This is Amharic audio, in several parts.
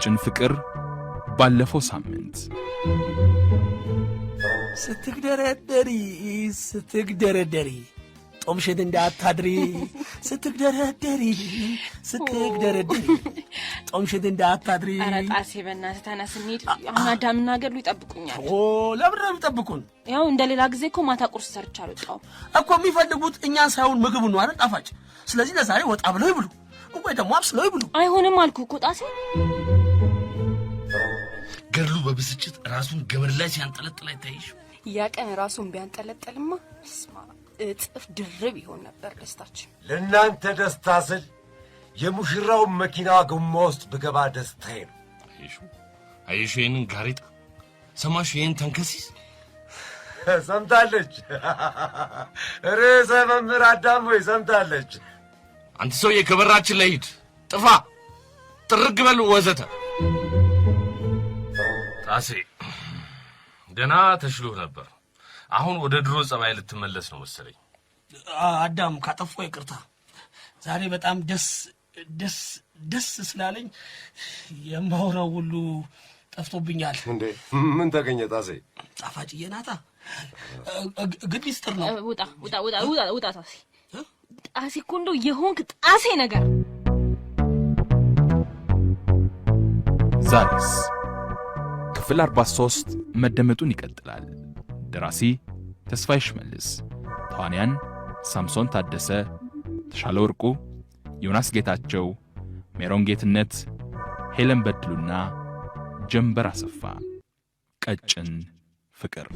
ቀጭን ፍቅር ባለፈው ሳምንት ስትግደረደሪ ስትግደረደሪ ጦምሽን እንዳታድሪ ስትግደረደሪ ስትግደረደሪ ጦምሽን እንዳታድሪ። ኧረ ጣሴ በእናትህ ተነስ እንሂድ። አሁን አዳምና ገድሉ ይጠብቁኛል። ለምን ነው የሚጠብቁን? ያው እንደ ሌላ ጊዜ እኮ ማታ ቁርስ ሰርቼ አልወጣሁም እኮ። የሚፈልጉት እኛን ሳይሆን ምግብ ነው አይደል? ጣፋጭ። ስለዚህ ለዛሬ ወጣ ብለው ይብሉ ወይ ደግሞ አብስለው ይብሉ። አይሆንም አልኩህ እኮ ጣሴ ገድሉ በብስጭት ራሱን ገበር ላይ ሲያንጠለጥል አይታይሽ? ያ ቀን ራሱን ቢያንጠለጥልማ ስማ እጥፍ ድርብ ይሆን ነበር ደስታችን። ለእናንተ ደስታ ስል የሙሽራውን መኪና ጎማ ውስጥ ብገባ ደስታዬ ነው። አየሽ ይህንን ጋሬጣ ሰማሽ? ይህን ተንከሲስ ሰምታለች። ርዕሰ መምህር አዳም ወይ ሰምታለች። አንተ ሰውዬ ከበራችን ላይ ሂድ፣ ጥፋ፣ ጥርግ በል ወዘተ ራሴ ደህና ተሽሎህ ነበር። አሁን ወደ ድሮ ጸባይ ልትመለስ ነው መሰለኝ። አዳም ካጠፎ ይቅርታ። ዛሬ በጣም ደስ ደስ ደስ ስላለኝ የማውራው ሁሉ ጠፍቶብኛል። እንዴ ምን ተገኘ ጣሴ? ጣፋጭ ናታ። ግን ሚስጥር ነው። ውጣ ውጣ ውጣ ውጣ። ጣሴ ጣሴ እኮ እንደው የሆንክ ጣሴ ነገር ዛሬስ ክፍል 43 መደመጡን ይቀጥላል። ደራሲ ተስፋይሽ ሽመልስ፣ ተዋንያን ሳምሶን ታደሰ፣ ተሻለ ወርቁ፣ ዮናስ ጌታቸው፣ ሜሮን ጌትነት፣ ሄለን በድሉና ጀንበር አሰፋ። ቀጭን ፍቅር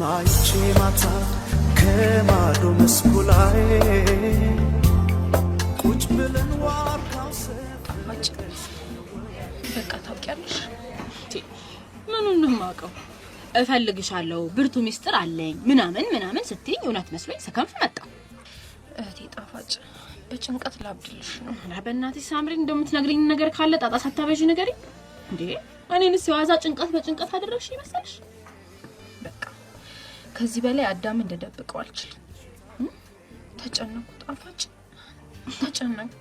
ማይቼ ማታ ከማዶ መስኩ ላይ ቁጭ ብለን ዋርካው በቃ ታውቂያለሽ። ምኑን ነው እፈልግሻለሁ፣ ብርቱ ሚስጥር አለኝ ምናምን ምናምን ስትይኝ እውነት መስሎኝ ስከንፍ መጣ። እህቴ ጣፋጭ በጭንቀት ላብድልሽ ነው። ኧረ በእናትሽ ሳምሪ፣ እንደምትነግሪኝ ነገር ካለ ጣጣ ሳታበዥ ንገሪኝ እንዴ። እኔንስ የዋዛ ጭንቀት በጭንቀት አደረግሽ ይመስልሽ? ከዚህ በላይ አዳም እንደደብቀው አልችልም። ተጨነኩ ጣፋጭ ተጨነኩ።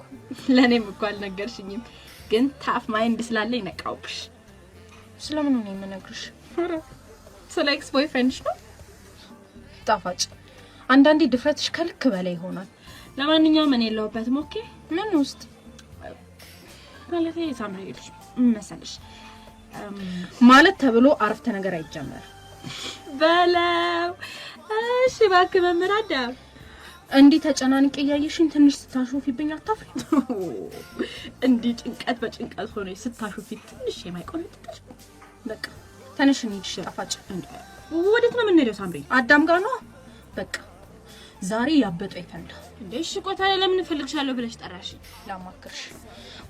ለእኔም እኮ አልነገርሽኝም፣ ግን ታፍ ማይንድ ስላለ ይነቃውብሽ። ስለምኑ ነው የምነግርሽ? ስለ ኤክስ ቦይፍሬንድሽ ነው ጣፋጭ። አንዳንዴ ድፍረትሽ ከልክ በላይ ይሆናል። ለማንኛውም እኔ የለሁበትም። ኦኬ ምን ውስጥ ማለት ሳምሪ መሰለሽ ማለት ተብሎ አረፍተ ነገር አይጀመርም። በለው። እሺ እባክህ መምህር አዳም እንዲህ ተጨናንቄ እያየሽኝ ትንሽ ስታሾፊብኝ አታፍሪ? እንዲህ ጭንቀት በጭንቀት ሆኖ ስታሾፊ ትንሽ የማይቆምጥጥሽ በቃ ተነሽ እንሂድ። ጣፋጭ ወዴት ነው የምንሄደው? ሳምሪ አዳም ጋር ነው በቃ ዛሬ ያበጠ ይፈንዳ። እንዴ እሺ፣ ቆይ ታዲያ ለምን እፈልግሻለሁ ብለሽ ጠራሽ? ላማክርሽ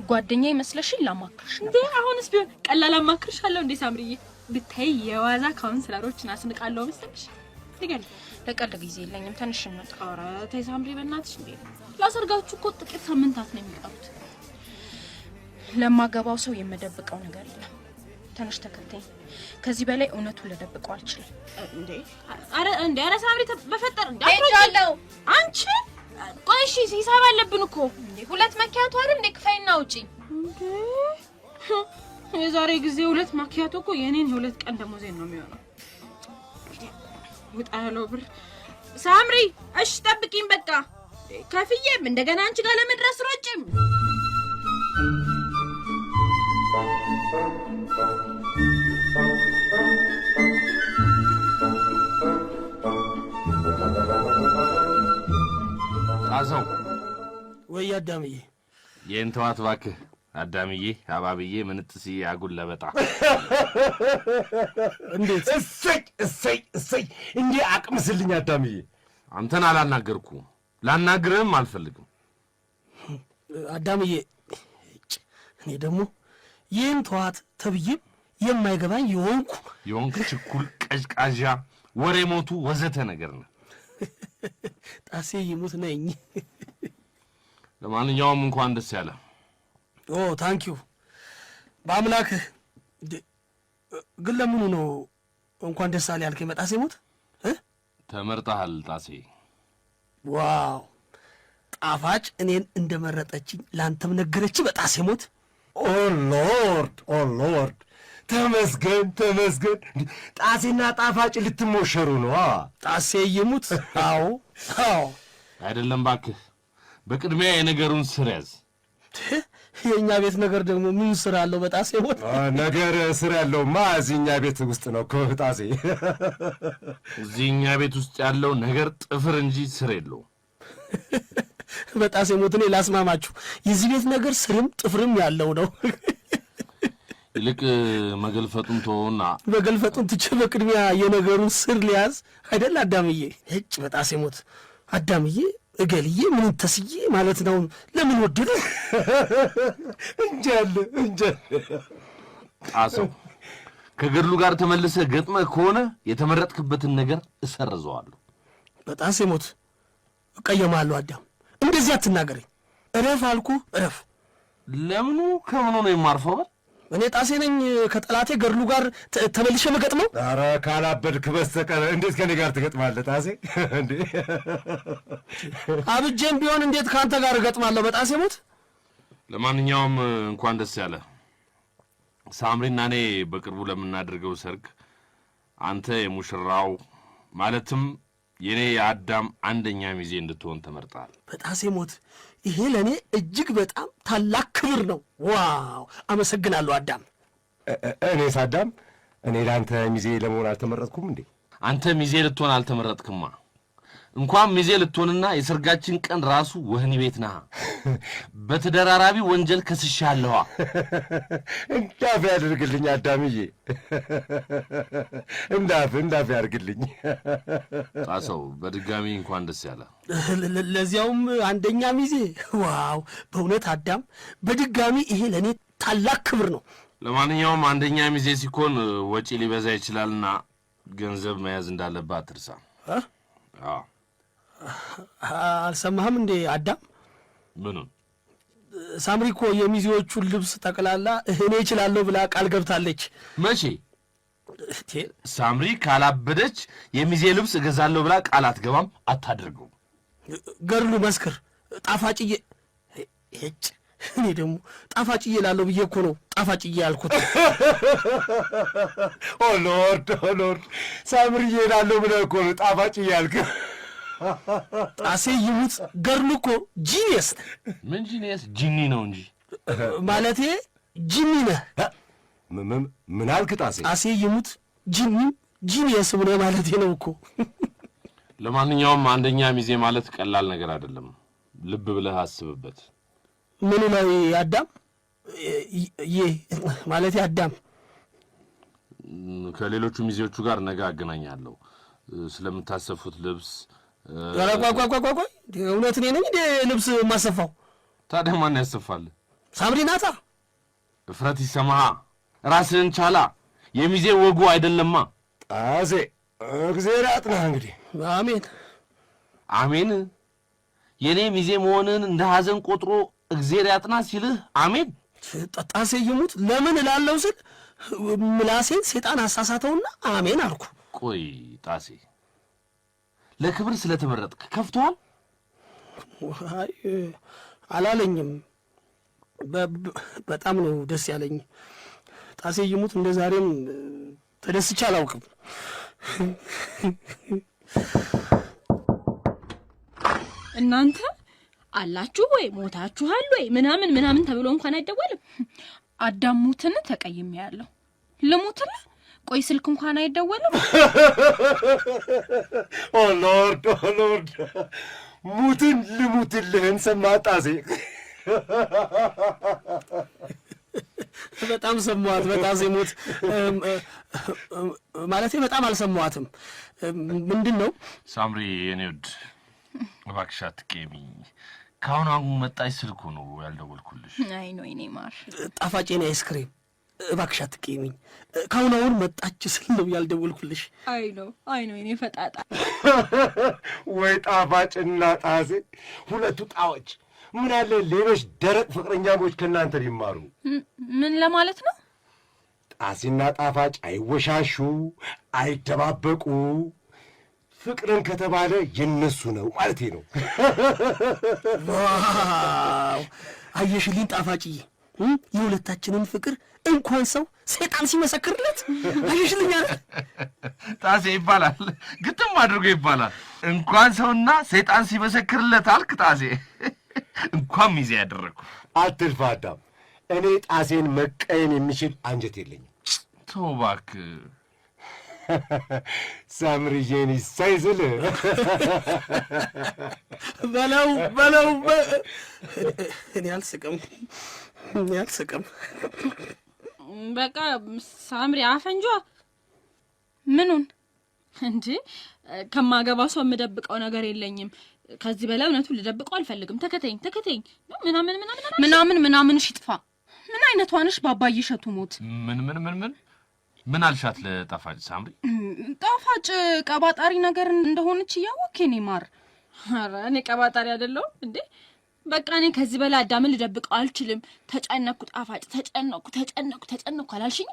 ጓደኛ ይመስለሽኝ ላማክርሽ። እንዴ አሁንስ ቢሆን ቀላል አማክርሻለሁ። እንዴ ሳምሪዬ ብታይ የዋዛ ካሁን ስላሮችን አስንቃለሁ መሰለሽ። ንገሪ። ለቀልድ ጊዜ የለኝም ትንሽ እንውጣ። ኧረ ተይ ሳምሪ በእናትሽ እንዴ! ላሰርጋችሁ እኮ ጥቂት ሳምንታት ነው የሚቀሩት። ለማገባው ሰው የምደብቀው ነገር የለም። ትንሽ ተከታይ። ከዚህ በላይ እውነቱን ልደብቀው አልችልም። እንዴ! አረ እንዴ! አረ ሳምሪ በፈጠር እንዴ! አትሮጫለው አንቺ። ቆይ እሺ፣ ሂሳብ አለብን እኮ። ሁለት መኪያቱ አይደል እንዴ? ክፈይና ውጪ እንዴ የዛሬ ጊዜ ሁለት ማኪያቶ እኮ የኔን የሁለት ቀን ደሞዜን ነው የሚሆነው። ውጣ ያለው ብር ሳምሪ። እሺ ጠብቂኝ፣ በቃ ከፍዬም እንደገና አንቺ ጋር ለመድረስ ሮጭም ጣዘው ወይ አዳምዬ፣ ይህን ተዋት እባክህ አዳምዬ አባብዬ ምንጥስዬ አጉል ለበጣ እንዴት እሰይ እሰይ እሰይ እንዴ አቅምስልኝ አዳምዬ አንተን አላናገርኩም ላናግርህም አልፈልግም አዳምዬ እኔ ደግሞ ይህን ተዋት ተብዬም የማይገባኝ የሆንኩ የሆንክ ችኩል ቀዥቃዣ ወሬ ሞቱ ወዘተ ነገር ነው ጣሴ ይሙት ነኝ ለማንኛውም እንኳን ደስ ያለ ኦ ታንኪዩ በአምላክህ። ግን ለምኑ ነው እንኳን ደስ አለ ያልከኝ? መጣሴ ሞት ተመርጠሃል ጣሴ። ዋው ጣፋጭ እኔን እንደመረጠችኝ ለአንተም ነገረች በጣሴ ሞት። ኦ ሎርድ ኦ ሎርድ ተመስገን ተመስገን። ጣሴና ጣፋጭ ልትሞሸሩ ነው? ጣሴ ይሙት። አዎ አዎ። አይደለም ባክህ፣ በቅድሚያ የነገሩን ስር ያዝ የእኛ ቤት ነገር ደግሞ ምን ስራ አለው? በጣሴ ሆን ነገር ስራ ያለው ማ እኛ ቤት ውስጥ ነው ከጣሴ። በጣሴ። ቤት ውስጥ ያለው ነገር ጥፍር እንጂ ስር የለው። በጣሴ ሞት እኔ ላስማማችሁ፣ የዚህ ቤት ነገር ስርም ጥፍርም ያለው ነው። ይልቅ መገልፈጡን ተወውና፣ መገልፈጡን ትቼ በቅድሚያ የነገሩን ስር ሊያዝ አይደል አዳምዬ? እጭ በጣሴ ሞት አዳምዬ እገልዬ ምን ተስዬ ማለት ነው። ለምን ወደደ እንጃለ እንጃለ ጣሰው ከገድሉ ጋር ተመልሰ ገጥመ ከሆነ የተመረጥክበትን ነገር እሰርዘዋለሁ። በጣሴ ሞት እቀየማለሁ። አዳም እንደዚህ አትናገረኝ። እረፍ አልኩ እረፍ። ለምኑ ከምኑ ነው የማርፈው? እኔ ጣሴ ነኝ ከጠላቴ ገድሉ ጋር ተመልሼ መገጥመው። ኧረ ካላበድክ በስተቀር እንዴት ከኔ ጋር ትገጥማለህ ጣሴ? እንዴ አብጄም ቢሆን እንዴት ከአንተ ጋር እገጥማለሁ በጣሴ ሞት። ለማንኛውም እንኳን ደስ ያለ ሳምሪና እኔ በቅርቡ ለምናደርገው ሰርግ አንተ የሙሽራው ማለትም የእኔ የአዳም አንደኛ ሚዜ እንድትሆን ተመርጣል። በጣሴ ሞት ይሄ ለእኔ እጅግ በጣም ታላቅ ክብር ነው። ዋው አመሰግናለሁ አዳም። እኔ ሳዳም እኔ ለአንተ ሚዜ ለመሆን አልተመረጥኩም እንዴ? አንተ ሚዜ ልትሆን አልተመረጥክማ። እንኳን ሚዜ ልትሆንና የሰርጋችን ቀን ራሱ ወህኒ ቤት ና በተደራራቢ ወንጀል ከስሻለዋ። እንዳፍ ያደርግልኝ አዳምዬ፣ እንዳፍ እንዳፍ ያደርግልኝ። ጣሰው በድጋሚ እንኳን ደስ ያለ፣ ለዚያውም አንደኛ ሚዜ። ዋው! በእውነት አዳም፣ በድጋሚ ይሄ ለእኔ ታላቅ ክብር ነው። ለማንኛውም አንደኛ ሚዜ ሲኮን ወጪ ሊበዛ ይችላልና ገንዘብ መያዝ እንዳለባት ትርሳ። አልሰማህም እንዴ አዳም? ምኑን? ሳምሪ እኮ የሚዜዎቹን ልብስ ጠቅላላ እኔ እችላለሁ ብላ ቃል ገብታለች። መቼ? ሳምሪ ካላበደች የሚዜ ልብስ እገዛለሁ ብላ ቃል አትገባም፣ አታደርገውም። ገድሉ መስክር። ጣፋጭዬ ሄጭ እኔ ደግሞ ጣፋጭዬ ላለው ብዬ እኮ ነው ጣፋጭዬ ያልኩት። ኦ ሎርድ ኦ ሎርድ፣ ሳምሪዬ ላለው ብለህ እኮ ነው ጣፋጭዬ ያልክ ጣሴ ይሙት ገርሉ እኮ ጂኒየስ ምን ጂኒየስ ጂኒ ነው እንጂ ማለቴ ጂኒ ነህ ምን አልክ ጣሴ ጣሴ ይሙት ጂኒ ጂኒየስ ብሎ ማለቴ ነው እኮ ለማንኛውም አንደኛ ሚዜ ማለት ቀላል ነገር አይደለም ልብ ብለህ አስብበት ምን ነው አዳም ይህ ማለቴ አዳም ከሌሎቹ ሚዜዎቹ ጋር ነገ አገናኛለሁ ስለምታሰፉት ልብስ ቋቋቋቋቋቋይ እውነት እኔ ነኝ ልብስ የማሰፋው? ታዲያ ማን ያሰፋል? ሳምሪ ናታ። እፍረት ይሰማሃ፣ ራስህን ቻላ። የሚዜ ወጉ አይደለማ። ጣሴ እግዜር አጥናህ። እንግዲህ አሜን አሜን። የእኔ ሚዜ መሆንን እንደ ሐዘን ቆጥሮ እግዜር ያጥና ሲልህ አሜን። ጣሴ ይሙት ለምን እላለው ስል ምላሴን ሴጣን አሳሳተውና አሜን አልኩ። ቆይ ጣሴ ለክብር ስለተመረጥክ ከፍቶሃል? አላለኝም። በጣም ነው ደስ ያለኝ። ጣሴ ይሙት እንደ ዛሬም ተደስቼ አላውቅም። እናንተ አላችሁ ወይ ሞታችኋል ወይ ምናምን ምናምን ተብሎ እንኳን አይደወልም። አዳሙትን ተቀይሜ ልሙትልህ ቆይ ስልክ እንኳን አይደወልም። ኦ ሎርድ ኦ ሎርድ ሙትን ልሙትልህን ሰማህ ጣሴ? በጣም ሰማዋት በጣም ሙት ማለቴ በጣም አልሰማዋትም። ምንድን ነው ሳምሪ የኔ ውድ እባክሽ አትቀየሚ። ከአሁኑ አሁኑ መጣች ስልኩ ነው ያልደወልኩልሽ። አይ ነው የኔ ማር ጣፋጭ የኔ አይስክሪም እባክሽ አትቀይሚኝ። ከአሁን አሁን መጣች ስል ነው ያልደወልኩልሽ። አይ ነው አይ ነው የኔ ፈጣጣ። ወይ ጣፋጭና ጣሴ ሁለቱ ጣዎች! ምን ያለ ሌሎች ደረቅ ፍቅረኛሞች ከእናንተ ሊማሩ። ምን ለማለት ነው? ጣሴና ጣፋጭ አይወሻሹ፣ አይደባበቁ። ፍቅርን ከተባለ የነሱ ነው ማለቴ ነው። አየሽልኝ ጣፋጭዬ የሁለታችንን ፍቅር እንኳን ሰው ሰይጣን ሲመሰክርለት አሸሽልኛ ጣሴ ይባላል፣ ግጥም አድርጎ ይባላል። እንኳን ሰውና ሰይጣን ሲመሰክርለት አልክ ጣሴ። እንኳን ሚዜ ያደረግኩ አትልፋ አዳም። እኔ ጣሴን መቀየም የሚችል አንጀት የለኝም። ተው እባክህ ሳምርዬን ይሳይዝል በለው በለው። እኔ አልስቅም አልስቅም። በቃ ሳምሪ አፈንጇ ምኑን እንጂ ከማገባ ሰው የምደብቀው ነገር የለኝም። ከዚህ በላይ እውነቱን ልደብቀው አልፈልግም። ተከተኝ ተከተኝ ምናምን ምናምን ምናምን ምናምን ሽጥፋ ምን አይነቷ ነሽ? ባባዬ እሸቱ ሞት ምን ምን ምን ምን ምን አልሻት? ለጣፋጭ ሳምሪ ጣፋጭ ቀባጣሪ ነገር እንደሆነች እያወቅ ኔ ማር ኧረ እኔ ቀባጣሪ አይደለሁም እንዴ በቃ እኔ ከዚህ በላይ አዳምን ልደብቀው አልችልም። ተጨነኩ ጣፋጭ፣ ተጨነኩ ተጨነኩ ተጨነኩ አላልሽኝ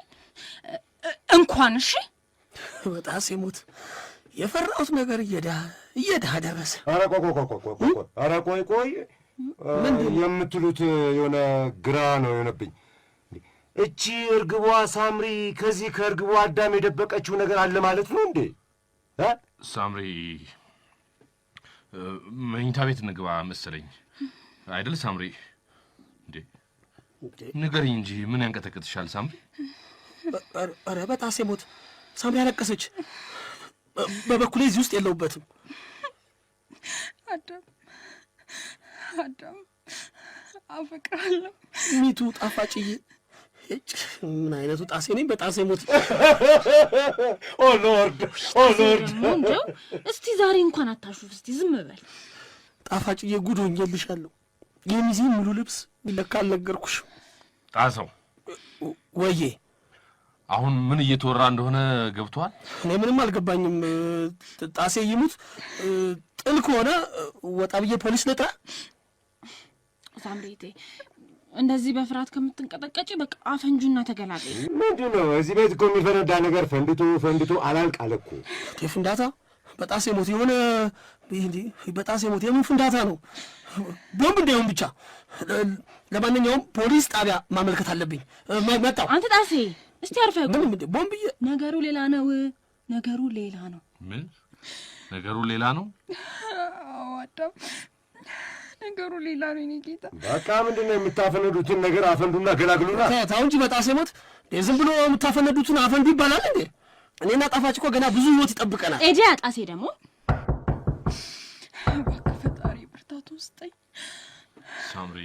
እንኳን እሺ። በጣሴ ሲሙት የፈራሁት ነገር እየዳ እየዳ ደረሰ። ኧረ ቆይ ቆይ ኧረ ቆይ ቆይ የምትሉት የሆነ ግራ ነው የሆነብኝ። እቺ እርግቧ ሳምሪ ከዚህ ከእርግቧ አዳም የደበቀችው ነገር አለ ማለት ነው እንዴ? ሳምሪ መኝታ ቤት ንግባ መሰለኝ አይደል ሳምሪ? እንዴ ንገሪኝ እንጂ ምን ያንቀጠቅጥሻል ሳምሪ? ኧረ በጣሴ ሞት! ሳምሪ አለቀሰች። በበኩሌ እዚህ ውስጥ የለውበትም። አዳም አዳም፣ አፈቅራለሁ። ሚቱ ጣፋጭዬ ምን አይነቱ ጣሴ ነኝ? በጣሴ ሞት ኦ ሎርድ ኦ ሎርድ። እንደው እስቲ ዛሬ እንኳን አታሹፍ፣ እስቲ ዝም በል ጣፋጭዬ። ጉድ ሆኜልሻለሁ። የሚዜ ሙሉ ልብስ ይለካ አልነገርኩሽ። ጣሰው ወዬ፣ አሁን ምን እየተወራ እንደሆነ ገብቷል? እኔ ምንም አልገባኝም። ጣሴ ይሙት ጥል ከሆነ ወጣ ብዬ ፖሊስ ልጥራ። ሳምሬቴ እንደዚህ በፍርሃት ከምትንቀጠቀጭ በቃ አፈንጁና ተገላገ። ምንድን ነው እዚህ ቤት እኮ የሚፈነዳ ነገር ፈንድቶ ፈንድቶ አላልቅ አለ እኮ ፍንዳታ በጣሴ ሞት የሆነ በጣሴ ሞት የምን ፍንዳታ ነው? ቦምብ እንዳይሆን ብቻ። ለማንኛውም ፖሊስ ጣቢያ ማመልከት አለብኝ። መጣው አንተ ጣሴ እስቲ አርፈ ቦምብ። ነገሩ ሌላ ነው። ነገሩ ሌላ ነው። ምን ነገሩ ሌላ ነው? አዳም ነገሩ ሌላ ነው። የእኔ ጌታ በቃ ምንድን ነው የምታፈነዱትን ነገር አፈንዱና ገላግሉና ታው እንጂ በጣሴ ሞት ዝም ብሎ የምታፈነዱትን አፈንዱ ይባላል እንዴ? እኔና ጣፋጭ እኮ ገና ብዙ ህይወት ይጠብቀናል። ኤጄ አጣሴ ደግሞ እባክህ ፈጣሪ ብርታቱ ውስጠኝ። ሳምሪ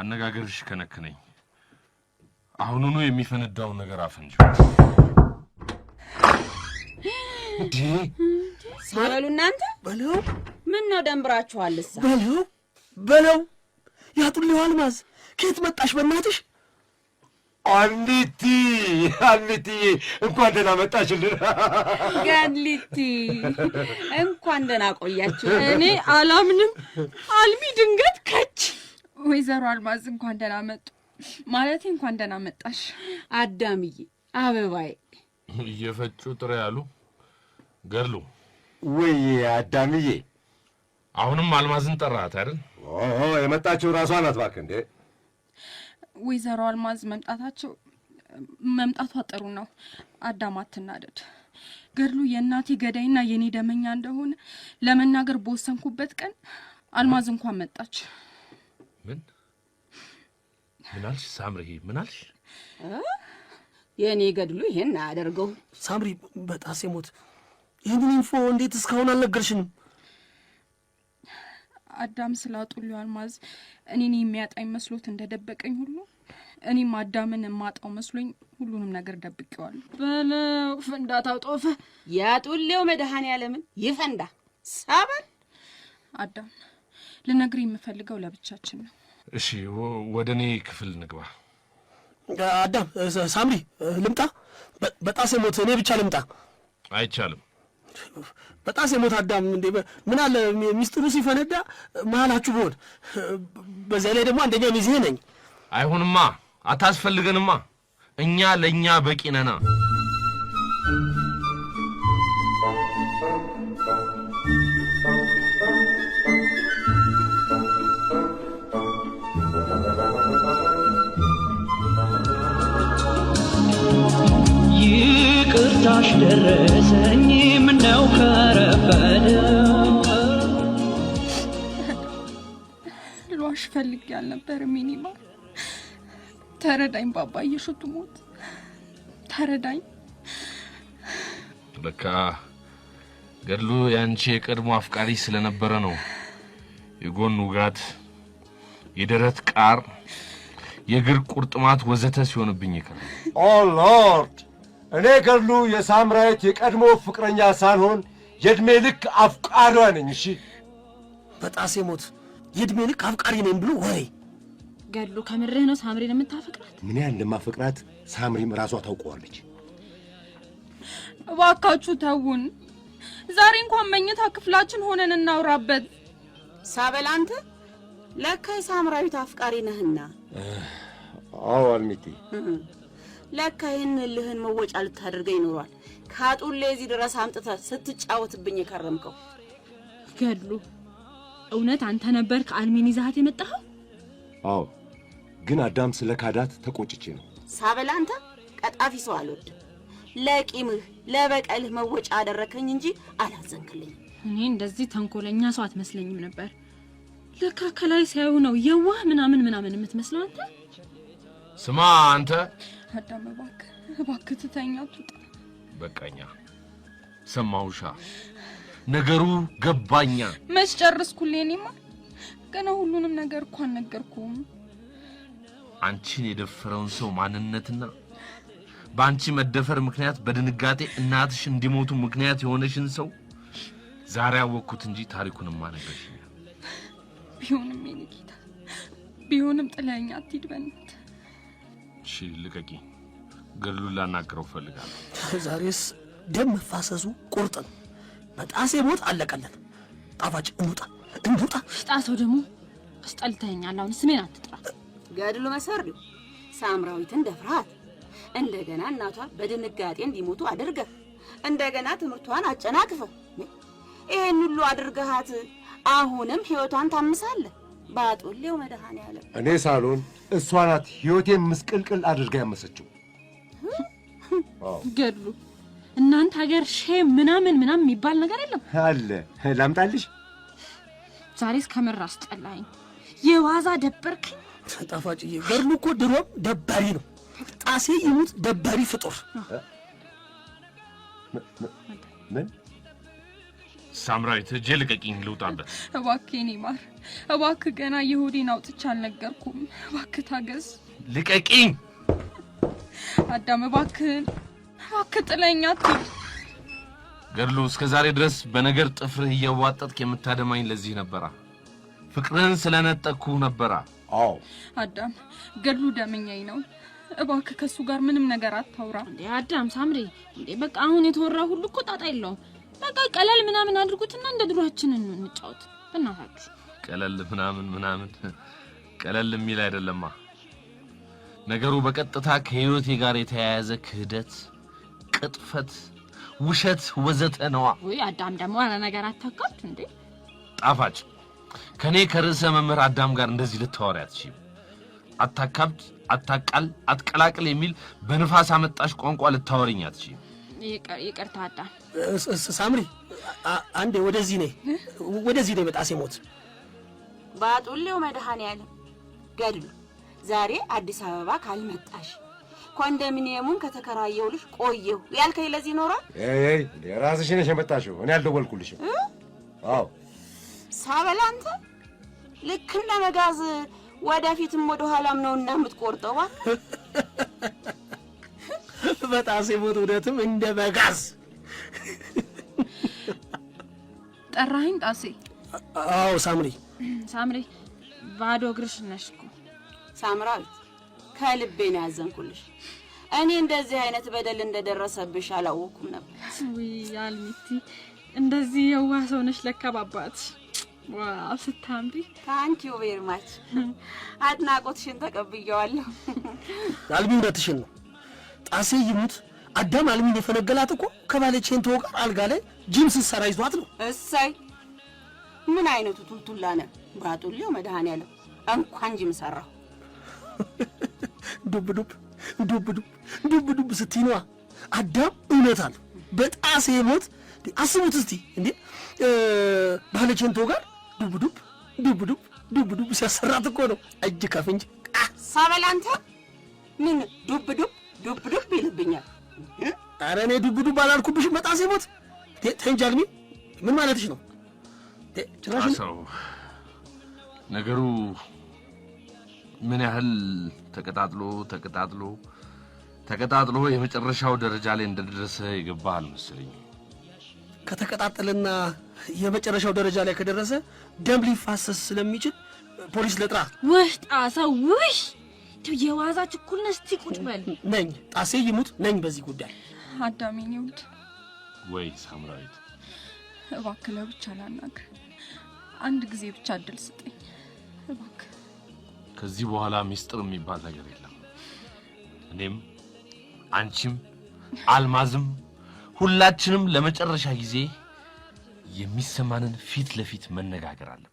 አነጋገርሽ ከነክነኝ። አሁኑኑ የሚፈነዳውን ነገር አፈንጅ። በሉ እናንተ በለው። ምን ነው ደንብራችኋልሳ? በለው በለው። ያጡልኝ አልማዝ ከየት መጣሽ በእናትሽ? አንዲቲ አንዲትዬ እንኳን ደህና መጣችልን። ጋሊቲ እንኳን ደህና ቆያችሁ። እኔ አላምንም። አልሚ ድንገት ከች። ወይዘሮ አልማዝ እንኳን ደህና መጡ። ማለቴ እንኳን ደህና መጣሽ አዳምዬ፣ አበባዬ። እየፈጩ ጥሬ ያሉ ገድሉ ወይ አዳምዬ። አሁንም አልማዝን ጠራት አይደል? የመጣችው ራሷ ናት። እባክህ እንዴ ወይዘሮ አልማዝ መምጣታቸው መምጣቷ ጥሩ ነው። አዳም አትናደድ። ገድሉ የእናቴ ገዳይና የኔ ደመኛ እንደሆነ ለመናገር በወሰንኩበት ቀን አልማዝ እንኳን መጣች። ምን ምናልሽ? ሳምሪ ምናልሽ? የእኔ ገድሉ ይሄን አያደርገው። ሳምሪ በጣሴ ሞት ይህንን ኢንፎ እንዴት እስካሁን አልነገርሽንም? አዳም ስላጡልዋል ማዝ እኔን የሚያጣኝ መስሎት እንደደበቀኝ ሁሉ እኔም አዳምን የማጣው መስሎኝ ሁሉንም ነገር ደብቄዋለሁ። በለው ፍንዳታ ጦፈ ያጡሌው መድኃኔ ዓለምን ይፈንዳ ሳበል። አዳም ልነግር የምፈልገው ለብቻችን ነው። እሺ ወደ እኔ ክፍል ንግባ። አዳም ሳምሪ ልምጣ። በጣሴ ሞት እኔ ብቻ ልምጣ። አይቻልም በጣም የሞት አዳም እንዴ ምን አለ ሚስጥሩ ሲፈነዳ መሀላችሁ ብሆን። በዚያ ላይ ደግሞ አንደኛ ሚዜህ ነኝ። አይሁንማ፣ አታስፈልገንማ። እኛ ለእኛ በቂ ነና። ይቅርታሽ ደረሰኝ ነው ከረፈደው ልዋሽ ፈልጌ ያልነበር ሚኒማ ተረዳኝ ባባዬ እየሽቱ ሞት ተረዳኝ ለካ ገድሉ ያንቺ የቀድሞ አፍቃሪ ስለነበረ ነው የጎን ውጋት የደረት ቃር የእግር ቁርጥማት ወዘተ ሲሆንብኝ ይከራል ኦ ሎርድ እኔ ገድሉ የሳምራዊት የቀድሞ ፍቅረኛ ሳልሆን የእድሜ ልክ አፍቃሪዋ ነኝ። እሺ በጣሴ ሞት የዕድሜ ልክ አፍቃሪ ነኝ ብሎ ወሬ። ገድሉ ከምርህ ነው ሳምሪን የምታፈቅራት? ምን ያህል እንደማፈቅራት ሳምሪም ራሷ ታውቀዋለች። እባካችሁ ተውን። ዛሬ እንኳን መኝታ ክፍላችን ሆነን እናውራበት። ሳበል አንተ ለካ የሳምራዊት አፍቃሪ ነህና። አዎ አልሚቴ ለካ ይህን ልህን መወጫ ልታደርገኝ ይኖሯል። ካጡሌ እዚህ ድረስ አምጥተህ ስትጫወትብኝ የከረምከው ገድሉ፣ እውነት አንተ ነበር ከአልሚን ይዛሃት የመጣኸው? አዎ፣ ግን አዳም ስለ ካዳት ተቆጭቼ ነው። ሳበላ አንተ ቀጣፊ ሰው አልወድ። ለቂምህ ለበቀልህ መወጫ አደረከኝ እንጂ አላዘንክልኝ። እኔ እንደዚህ ተንኮለኛ ሰው አትመስለኝም ነበር። ለካ ከላይ ሲያዩ ነው የዋህ ምናምን ምናምን የምትመስለው አንተ። ስማ አንተ አዳም እባክህ እባክህ ትተኛ ትውጣ። በቃኛ። ሰማሁሻ። ነገሩ ገባኛ። መች ጨርስኩልኝ። እኔማ ገና ሁሉንም ነገር እኮ አልነገርኩም። አንቺን የደፈረውን ሰው ማንነትና በአንቺ መደፈር ምክንያት በድንጋጤ እናትሽ እንዲሞቱ ምክንያት የሆነሽን ሰው ዛሬ አወቅኩት እንጂ ታሪኩንማ ነገርሽኛል። ቢሆንም የኔ ጌታ ቢሆንም ጥለኸኝ አትሂድ በእናትህ እባክሽ ልቀቂ። ገድሉን ላናግረው እፈልጋለሁ። ዛሬስ ደም መፋሰሱ ቁርጥ ነው። በጣሴ ሞት አለቀለን። ጣፋጭ እንውጣ፣ እንውጣ። ጣሰው ደግሞ አስጠልተኸኛል። አሁን ስሜን አትጥራ። ገድሉ መሰርዱ ሳምራዊትን ደፍርሃት። እንደገና እናቷ በድንጋጤ እንዲሞቱ አድርገህ እንደገና ትምህርቷን አጨናቅፈህ ይሄን ሁሉ አድርገሃት አሁንም ህይወቷን ታምሳለህ። ባጡሌው መድኃኔዓለም እኔ ሳልሆን እሷ ናት ህይወቴን ምስቅልቅል አድርጋ ያመሰችው። ገድሉ እናንተ ሀገር ሼም ምናምን ምናምን የሚባል ነገር የለም አለ። ላምጣልሽ። ዛሬስ ከምር አስጠላኝ፣ የዋዛ ደበርክኝ። ጣፋጭዬ ገድሉ እኮ ድሮም ደባሪ ነው። ጣሴ ይሙት ደባሪ ፍጡር ምን ሳምራዊት እጄ ልቀቂኝ፣ ልውጣበት። እባክህ የኔ ማር፣ እባክህ ገና የሆዴን አውጥቼ አልነገርኩም። እባክህ ታገዝ፣ ልቀቂኝ። አዳም እባክህን፣ እባክህ ጥለኛ ገድሉ፣ እስከ ዛሬ ድረስ በነገር ጥፍርህ እያዋጠጥክ የምታደማኝ ለዚህ ነበራ። ፍቅርህን ስለነጠቅኩ ነበራ። አዎ አዳም፣ ገድሉ ደመኛኝ ነው። እባክህ ከእሱ ጋር ምንም ነገር አታውራ። አዳም፣ ሳምሬ፣ በቃ አሁን የተወራ ሁሉ እኮ ጣጣ የለውም። በቃ ቀለል ምናምን አድርጉትና እንደ ድሮአችን እንጫወት። እናታችሁ። ቀለል ምናምን ምናምን ቀለል የሚል አይደለማ ነገሩ። በቀጥታ ከህይወቴ ጋር የተያያዘ ክህደት፣ ቅጥፈት፣ ውሸት ወዘተ ነዋ። ወይ አዳም ደግሞ አረ ነገር አታካብት እንዴ! ጣፋጭ ከኔ ከርዕሰ መምህር አዳም ጋር እንደዚህ ልታወሪ አትችይም። አታካብት፣ አታቃል፣ አትቀላቅል የሚል በንፋስ አመጣሽ ቋንቋ ልታወሪኝ አትችይም። ይቅርታ አዳም። ሳምሪ አንዴ ወደዚህ ነይ፣ ወደዚህ ነይ። መጣሴ ሞት ባጡሌው መድኃኔዓለም ገድሉ ዛሬ አዲስ አበባ ካልመጣሽ ኮንዶሚኒየሙን ከተከራየው ልሽ ቆየሁ ያልከኝ ለዚህ ኖሯል። አይ ራስሽ ነሽ የመጣሽው፣ እኔ አልደወልኩልሽም። አዎ ሳበላ አንተ ልክ እንደ መጋዝ ወደፊትም ወደኋላም ነውና የምትቆርጠው እባክህ በጣሴ ሞት ውደትም እንደ በጋዝ ጠራኸኝ ጣሴ? አዎ ሳምሪ። ሳምሪ ባዶ እግርሽ ነሽ እኮ ሳምራዊት። ከልቤ ነው ያዘንኩልሽ። እኔ እንደዚህ አይነት በደል እንደደረሰብሽ አላወኩም ነበር። ውይ አልሚቲ፣ እንደዚህ የዋ ሰው ነሽ ለካ ዋው ስታምሪ። ታንኪ ዩ ቬሪ ማች። አድናቆትሽን ተቀብየዋለሁ። አልሚ እውነትሽን ነው ጣሴ ይሙት አዳም አልሚን የፈነገላት እኮ ከባለ ቼንቶ ጋር አልጋ ላይ ጂም ስትሰራ ይዟት ነው። እሰይ ምን አይነቱ ቱልቱላ ነ ነው! መድሃን ያለው እንኳን ጂም ሰራሁ። ዱብ ዱብ ዱብ ዱብ ዱብ ዱብ ስትይ አዳም እውነት አለ። በጣሴ ሞት አስቡት እስቲ እንዴ! ባለ ቼንቶ ጋር ዱብ ዱብ ዱብ ዱብ ዱብ ዱብ ሲያሰራት እኮ ነው እጅ ከፍንጅ ሳበላንተ ምን ዱብ ዱብ ዱብ ዱብ ይልብኛል። ኧረ እኔ ዱብ ዱብ አላልኩብሽም። መጣ ሲሞት ተይ ምን ማለትሽ ነው? ሰው ነገሩ ምን ያህል ተቀጣጥሎ ተቀጣጥሎ ተቀጣጥሎ የመጨረሻው ደረጃ ላይ እንደደረሰ የገባህ አልመሰለኝም። ከተቀጣጠልና የመጨረሻው ደረጃ ላይ ከደረሰ ደም ሊፋሰስ ስለሚችል ፖሊስ ለጥራ ውሽ ጣሰው ውሽ የዋዛ ችኩል ነህ። እስቲ ቁጭ በል ነኝ። ጣሴ ይሙት ነኝ። በዚህ ጉዳይ አዳሜን ይውድ ወይ ሳምራዊት፣ እባክህ ለብቻ ላናግር። አንድ ጊዜ ብቻ እድል ስጠኝ እባክህ። ከዚህ በኋላ ሚስጥር የሚባል ነገር የለም። እኔም አንቺም አልማዝም ሁላችንም ለመጨረሻ ጊዜ የሚሰማንን ፊት ለፊት መነጋገር አለብን።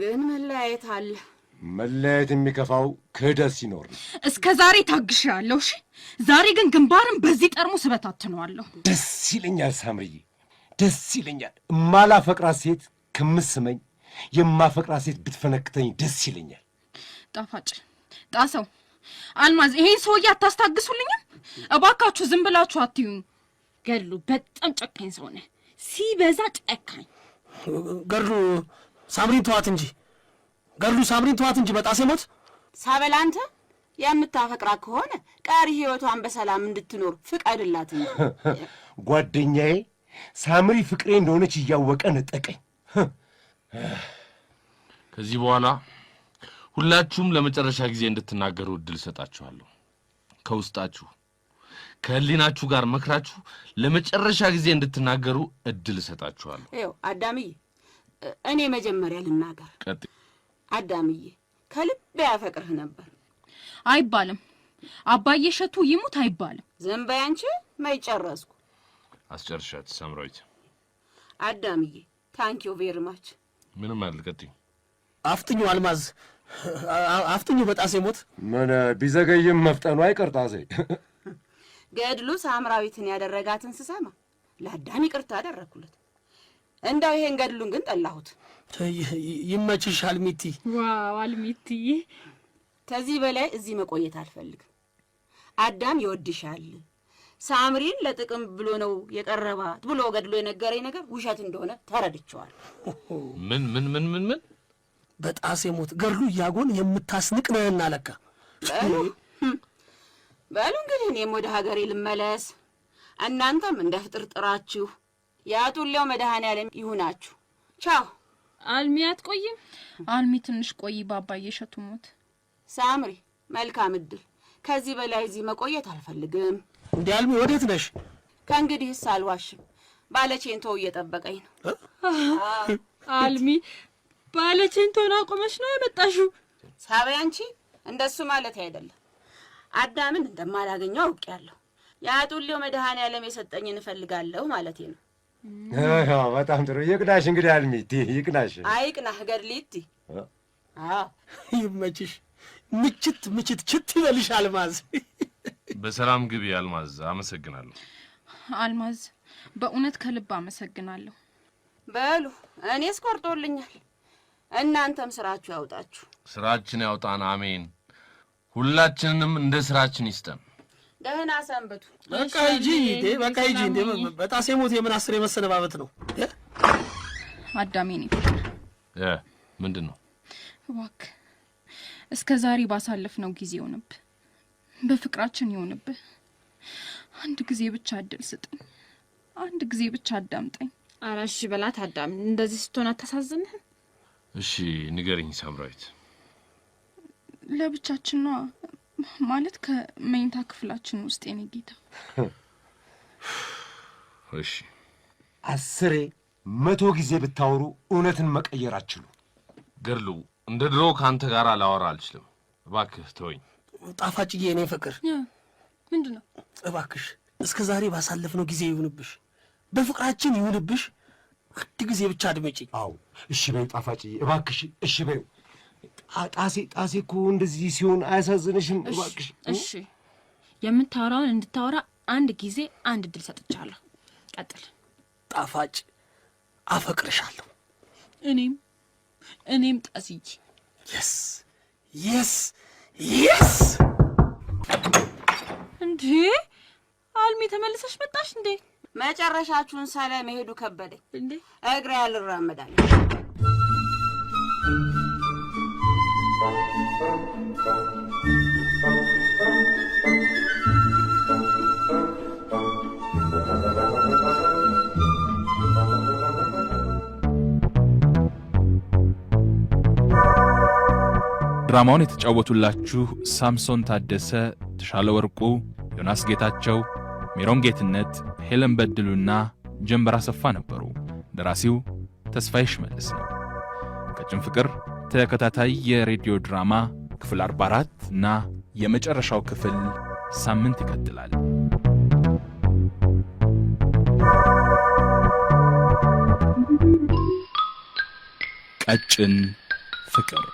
ግን መለያየት አለ። መለያየት የሚከፋው ክህደት ሲኖር ነው። እስከ ዛሬ ያለው እሺ፣ ዛሬ ግን ግንባርን በዚህ ጠርሙ ስበታትነዋለሁ። ደስ ይለኛል ሳምርዬ፣ ደስ ይለኛል። እማላፈቅራት ሴት ከምስመኝ የማፈቅራት ሴት ብትፈነክተኝ ደስ ይለኛል። ጣፋጭ ጣሰው፣ አልማዝ፣ ይሄን ሰውዬ አታስታግሱልኝም እባካችሁ። ዝም ብላችሁ አትዩኝ። ገድሉ በጣም ጨካኝ ሰው ነህ፣ ሲበዛ ጨካኝ ገድሉ ሳምሪን ተዋት እንጂ ገድሉ፣ ሳምሪን ተዋት እንጂ በጣሴ ሞት ሳበላ። አንተ የምታፈቅራ ከሆነ ቀሪ ህይወቷን በሰላም እንድትኖር ፍቀድላት ጓደኛዬ ሳምሪ ፍቅሬ እንደሆነች እያወቀ ነጠቀኝ። ከዚህ በኋላ ሁላችሁም ለመጨረሻ ጊዜ እንድትናገሩ እድል እሰጣችኋለሁ። ከውስጣችሁ ከህሊናችሁ ጋር መክራችሁ ለመጨረሻ ጊዜ እንድትናገሩ እድል እሰጣችኋለሁ። አዳምዬ እኔ መጀመሪያ ልናገር። አዳምዬ ከልቤ ያፈቅርህ ነበር። አይባልም አባዬ፣ እሸቱ ይሙት አይባልም። ዝም በይ አንቺ። ማይጨረስኩ አስጨርሻት። ሰምራዊት አዳምዬ፣ ታንኪዩ ቬሪ ማች። ምንም አልቀጥይ። አፍጥኙ አልማዝ፣ አፍጥኙ በጣሴ ሞት። ምን ቢዘገይም መፍጠኑ አይቀር ጣሴ። ገድሉ ሳምራዊትን ያደረጋትን ስሰማ ለአዳም ይቅርታ አደረግኩለት። እንዳው ይሄን ገድሉን ግን ጠላሁት። ይመችሽ አልሚቲ። ዋው አልሚቲ፣ ከዚህ በላይ እዚህ መቆየት አልፈልግም። አዳም ይወድሻል፣ ሳምሪን ለጥቅም ብሎ ነው የቀረባት ብሎ ገድሎ የነገረኝ ነገር ውሸት እንደሆነ ተረድቸዋል። ምን ምን ምን ምን ምን በጣሴ ሞት ገድሉ እያጎን የምታስንቅ ነህና ለካ። በሉ እንግዲህ እኔም ወደ ሀገሬ ልመለስ፣ እናንተም እንደ ፍጥር ጥራችሁ የአጡሌው መድኃኔዓለም ይሁናችሁ። ቻው። አልሚ አትቆይም? አልሚ ትንሽ ቆይ ባባ እየሸቱ ሞት። ሳምሪ መልካም እድል። ከዚህ በላይ እዚህ መቆየት አልፈልግም። እንዲ አልሚ ወዴት ነሽ? ከእንግዲህስ አልዋሽም፣ ባለቼንቶ እየጠበቀኝ ነው። አልሚ ባለቼንቶን አቁመሽ ነው የመጣሽው? ሳቢያ አንቺ እንደሱ ማለት አይደለም። አዳምን እንደማላገኘው አውቄያለሁ። የአጡሌው መድኃኔዓለም የሰጠኝን እፈልጋለሁ ማለቴ ነው። በጣም ጥሩ ይቅናሽ። እንግዲህ አልሚቲ ይቅናሽ። አይቅናህ ይቅናህ ገድሊቲ ይመችሽ። ምችት ምችት ችት ይበልሽ አልማዝ። በሰላም ግቢ አልማዝ። አመሰግናለሁ አልማዝ፣ በእውነት ከልብ አመሰግናለሁ። በሉ እኔ ቆርጦልኛል። እናንተም ስራችሁ ያውጣችሁ። ስራችን ያውጣን። አሜን። ሁላችንንም እንደ ስራችን ይስጠን። ደህና ሰንብቱ። በቃ ሂጂ እንዴ! በቃ ሂጂ እንዴ! በጣሴ ሞት የምን አስር የመሰነባበት ነው አዳሜ። እኔ እ ምንድን ነው እባክህ፣ እስከ ዛሬ ባሳለፍነው ጊዜ ይሆንብህ፣ በፍቅራችን ይሆንብህ። አንድ ጊዜ ብቻ እድል ስጠኝ፣ አንድ ጊዜ ብቻ አዳምጠኝ። ኧረ እሺ በላት አዳም፣ እንደዚህ ስትሆን አታሳዝንህም? እሺ ንገረኝ ሳምራዊት። ለብቻችን ነዋ ማለት ከመኝታ ክፍላችን ውስጥ የኔ ጌታ። እሺ አስሬ መቶ ጊዜ ብታወሩ እውነትን መቀየር አችሉ። ገድሉ እንደ ድሮ ከአንተ ጋር ላወራ አልችልም። እባክህ ተወኝ። ጣፋጭዬ፣ የኔ ፍቅር ምንድን ነው? እባክሽ እስከ ዛሬ ባሳለፍነው ጊዜ ይሁንብሽ፣ በፍቅራችን ይሁንብሽ። አንድ ጊዜ ብቻ አድመጪኝ። አዎ እሺ በይ ጣፋጭዬ፣ እባክሽ እሺ በይው ጣሴ ጣሴ እኮ እንደዚህ ሲሆን አያሳዝንሽም? እባክሽ እሺ፣ የምታወራውን እንድታወራ አንድ ጊዜ አንድ እድል ሰጥቻለሁ። ቀጥል። ጣፋጭ አፈቅርሻለሁ። እኔም እኔም ጣስዬ። የስ የስ የስ። እንዴ አልሚ ተመልሰሽ መጣሽ እንዴ? መጨረሻችሁን ሳላይ መሄዱ ከበደኝ እንዴ። እግሬ ድራማውን የተጫወቱላችሁ ሳምሶን ታደሰ፣ ተሻለ ወርቁ፣ ዮናስ ጌታቸው፣ ሜሮን ጌትነት፣ ሄለን በድሉና ጀንበር አሰፋ ነበሩ። ደራሲው ተስፋዬ ሽመልስ ነው። ቀጭን ፍቅር ተከታታይ የሬዲዮ ድራማ ክፍል 44 እና የመጨረሻው ክፍል ሳምንት ይቀጥላል። ቀጭን ፍቅር